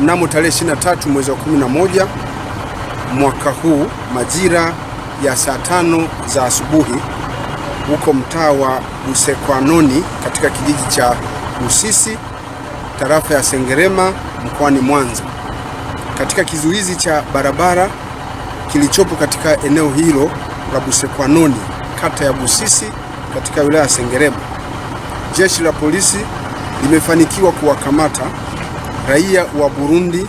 mnamo tarehe 23 mwezi wa 11 mwaka huu majira ya saa tano za asubuhi huko mtaa wa Busekwanoni katika kijiji cha Busisi tarafa ya Sengerema mkoani Mwanza katika kizuizi cha barabara kilichopo katika eneo hilo la Busekwanoni kata ya Busisi katika wilaya ya Sengerema, jeshi la polisi limefanikiwa kuwakamata raia wa Burundi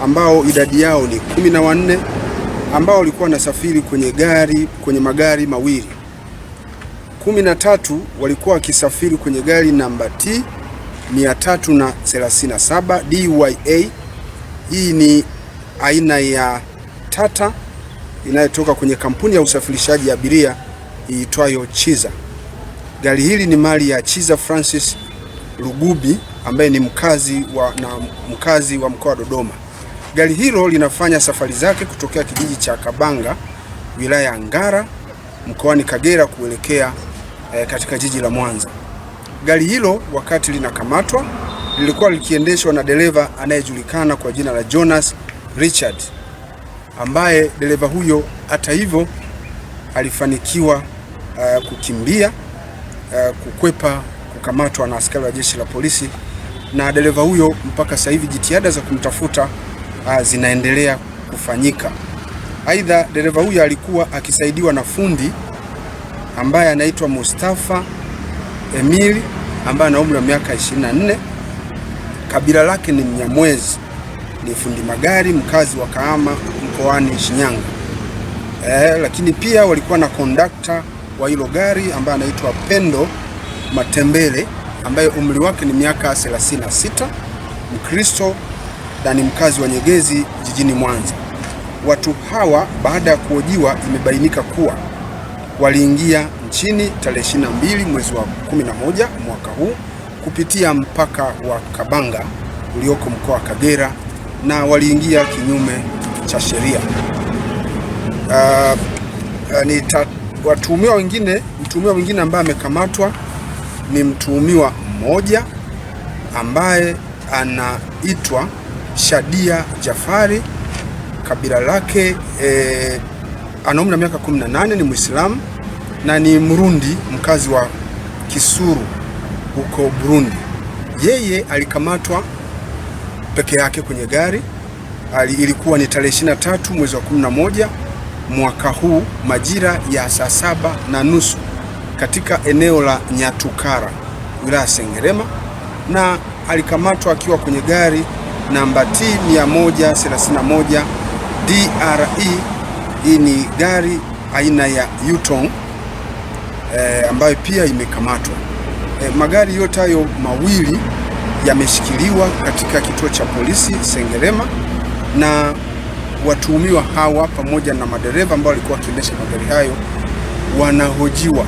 ambao idadi yao ni kumi na wanne ambao walikuwa wanasafiri kwenye gari kwenye magari mawili. Kumi na tatu walikuwa wakisafiri kwenye gari namba T 337 DYA. Hii ni aina ya Tata inayotoka kwenye kampuni ya usafirishaji abiria iitwayo Chiza. Gari hili ni mali ya Chiza Francis Lugubi ambaye ni mkazi wa, na mkazi wa mkoa wa Dodoma. Gari hilo linafanya safari zake kutokea kijiji cha Kabanga wilaya ya Ngara mkoani Kagera kuelekea e, katika jiji la Mwanza. Gari hilo wakati linakamatwa lilikuwa likiendeshwa na dereva anayejulikana kwa jina la Jonas Richard, ambaye dereva huyo hata hivyo alifanikiwa uh, kukimbia uh, kukwepa kukamatwa na askari wa jeshi la polisi na dereva huyo mpaka sasa hivi jitihada za kumtafuta uh, zinaendelea kufanyika. Aidha, dereva huyo alikuwa akisaidiwa na fundi ambaye anaitwa Mustafa Emil ambaye ana umri wa miaka 24, kabila lake ni Mnyamwezi, ni fundi magari mkazi wa Kahama mkoani Shinyanga. Eh, lakini pia walikuwa na kondakta wa hilo gari ambaye anaitwa Pendo Matembele ambaye umri wake ni miaka 36, Mkristo na ni mkazi wa Nyegezi jijini Mwanza. Watu hawa baada ya kuojiwa, imebainika kuwa waliingia nchini tarehe 22 mwezi wa 11 mwaka huu kupitia mpaka wa Kabanga ulioko mkoa wa Kagera na waliingia kinyume cha sheria. Uh, uh, ni watuhumiwa wengine, mtuhumiwa mwingine ambaye amekamatwa ni mtuhumiwa mmoja ambaye anaitwa Shadia Jafari, kabila lake e, eh, ana umri wa miaka 18, ni Muislamu na ni Mrundi mkazi wa Kisuru huko Burundi. Yeye alikamatwa peke yake kwenye gari ali, ilikuwa ni tarehe 23 mwezi wa 11 mwaka huu majira ya saa saba na nusu katika eneo la Nyatukara wilaya Sengerema na alikamatwa akiwa kwenye gari namba T 131 DRE. Hii ni gari aina ya Yutong e, ambayo pia imekamatwa. E, magari yote hayo mawili yameshikiliwa katika kituo cha polisi Sengerema na watuhumiwa hawa pamoja na madereva ambao walikuwa wakiendesha magari hayo wanahojiwa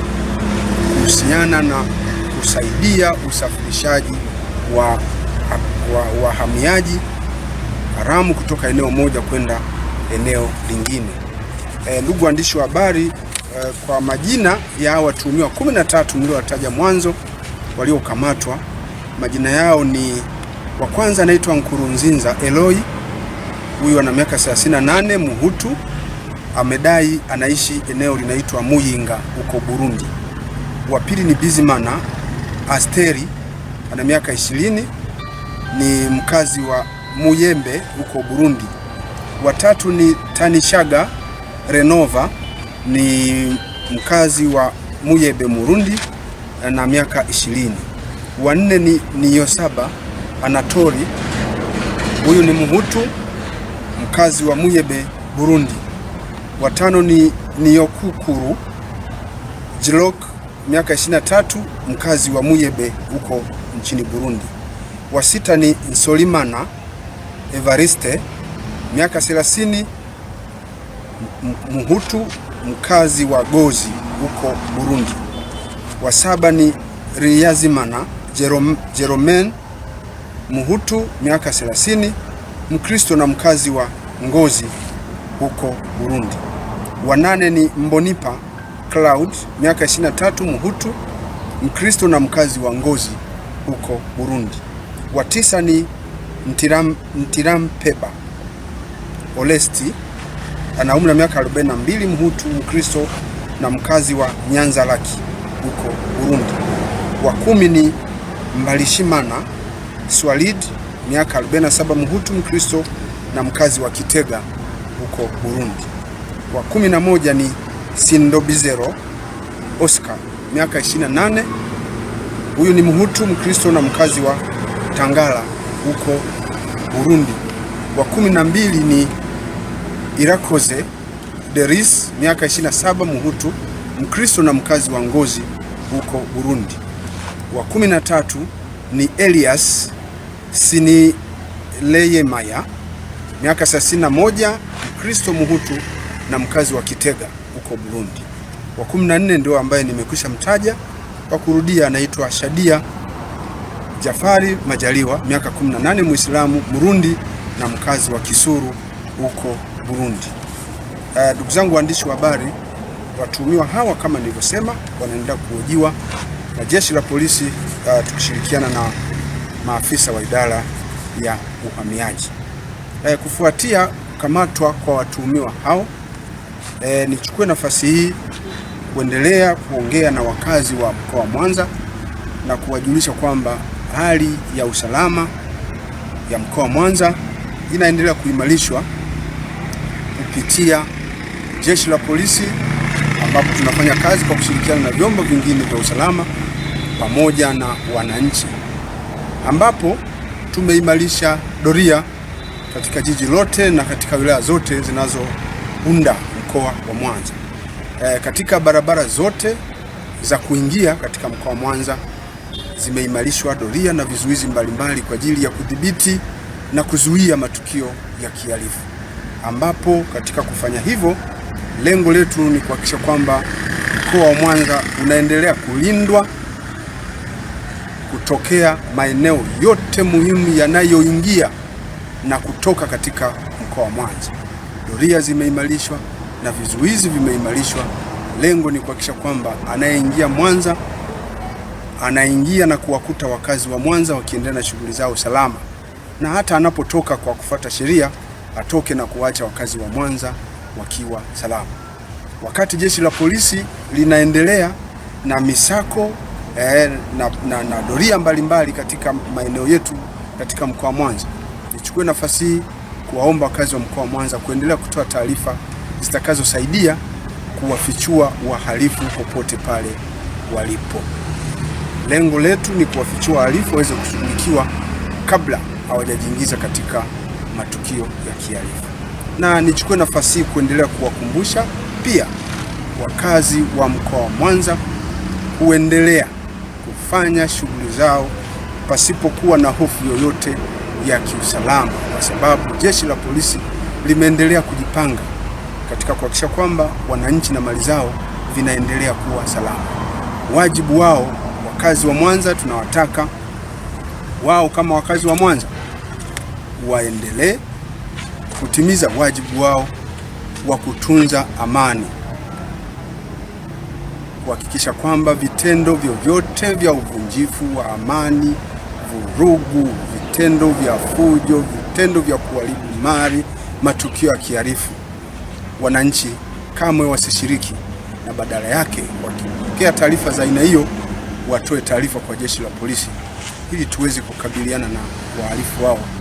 kuhusiana na kusaidia usafirishaji wa, wa wahamiaji haramu kutoka eneo moja kwenda eneo lingine. E, ndugu waandishi wa habari e, kwa majina ya watuhumiwa 13 mliowataja mwanzo waliokamatwa, majina yao ni wa kwanza anaitwa Nkurunzinza Eloi, huyu ana miaka 38, Muhutu, amedai anaishi eneo linaitwa Muyinga huko Burundi wa pili ni Bizimana Asteri ana miaka ishirini, ni mkazi wa Muyembe huko Burundi. Watatu ni Tanishaga Renova ni mkazi wa Muyembe Murundi na miaka ishirini. Wanne ni Niyosaba Anatori, huyu ni Muhutu mkazi wa Muyembe Burundi. Watano ni Niyokukuru Jilok miaka 23, mkazi wa Muyebe huko nchini Burundi. Wa sita ni Nsolimana Evariste miaka 30, muhutu mkazi wa Gozi huko Burundi. Wa saba ni Riyazimana Jerome, Jerome Mhutu miaka 30, Mkristo na mkazi wa Ngozi huko Burundi. Wa nane ni Mbonipa Cloud, miaka 23, Mhutu Mkristo na mkazi wa Ngozi huko Burundi. Wa tisa ni Ntiram Mtirampeba Olesti ana umri wa miaka 42, Mhutu Mkristo na mkazi wa Nyanza Laki huko Burundi. Wa kumi ni Mbalishimana Swalid miaka 47, Mhutu Mkristo na mkazi wa Kitega huko Burundi. Wa kumi na moja ni Sindobizero Oscar, miaka 28. Huyu ni Mhutu Mkristo na mkazi wa tangala huko Burundi. Wa kumi na mbili ni Irakoze Deris, miaka 27, Mhutu Mkristo na mkazi wa Ngozi huko Burundi. Wa kumi na tatu ni Elias Sinileyemaya, miaka 31, Mkristo Mhutu na mkazi wa Kitega huko Burundi. Wa kumi na nne ndio ambaye nimekwisha mtaja kwa kurudia, anaitwa Shadia Jafari Majaliwa, miaka 18, Muislamu Burundi na mkazi wa Kisuru huko Burundi. Eh, ndugu uh, zangu waandishi wa habari, watuhumiwa hawa kama nilivyosema, wanaendelea kuhojiwa na jeshi la polisi uh, tukishirikiana na maafisa wa idara ya uhamiaji uh, kufuatia kukamatwa kwa watuhumiwa hao E, nichukue nafasi hii kuendelea kuongea na wakazi wa mkoa wa Mwanza na kuwajulisha kwamba hali ya usalama ya mkoa wa Mwanza inaendelea kuimarishwa kupitia jeshi la polisi ambapo tunafanya kazi kwa kushirikiana na vyombo vingine vya usalama pamoja na wananchi, ambapo tumeimarisha doria katika jiji lote na katika wilaya zote zinazounda mkoa wa Mwanza. E, katika barabara zote za kuingia katika mkoa wa Mwanza zimeimarishwa doria na vizuizi mbalimbali kwa ajili ya kudhibiti na kuzuia matukio ya kihalifu, ambapo katika kufanya hivyo lengo letu ni kuhakikisha kwamba mkoa wa Mwanza unaendelea kulindwa kutokea maeneo yote muhimu yanayoingia na kutoka katika mkoa wa Mwanza. Doria zimeimarishwa na vizuizi vimeimarishwa. Lengo ni kuhakikisha kwamba anayeingia Mwanza anaingia na kuwakuta wakazi wa Mwanza wakiendelea na shughuli zao salama, na hata anapotoka kwa kufuata sheria atoke na kuwacha wakazi wa Mwanza wakiwa salama. Wakati jeshi la polisi linaendelea na misako eh, na, na, na doria mbalimbali katika maeneo yetu katika mkoa wa Mwanza, nichukue nafasi hii kuwaomba wakazi wa mkoa wa Mwanza kuendelea kutoa taarifa zitakazosaidia kuwafichua wahalifu popote pale walipo. Lengo letu ni kuwafichua wahalifu waweze kushughulikiwa kabla hawajajiingiza katika matukio ya kihalifu. Na nichukue nafasi hii kuendelea kuwakumbusha pia wakazi wa mkoa wa Mwanza kuendelea kufanya shughuli zao pasipokuwa na hofu yoyote ya kiusalama, kwa sababu jeshi la polisi limeendelea kujipanga katika kuhakikisha kwamba wananchi na mali zao vinaendelea kuwa salama. Wajibu wao wakazi wa Mwanza, tunawataka wao kama wakazi wa Mwanza waendelee kutimiza wajibu wao wa kutunza amani, kuhakikisha kwamba vitendo vyovyote vya uvunjifu wa amani, vurugu, vitendo vya fujo, vitendo vya kuharibu mali, matukio ya kiharifu wananchi kamwe wasishiriki, na badala yake wakipokea taarifa za aina hiyo watoe taarifa kwa jeshi la polisi ili tuweze kukabiliana na wahalifu wao.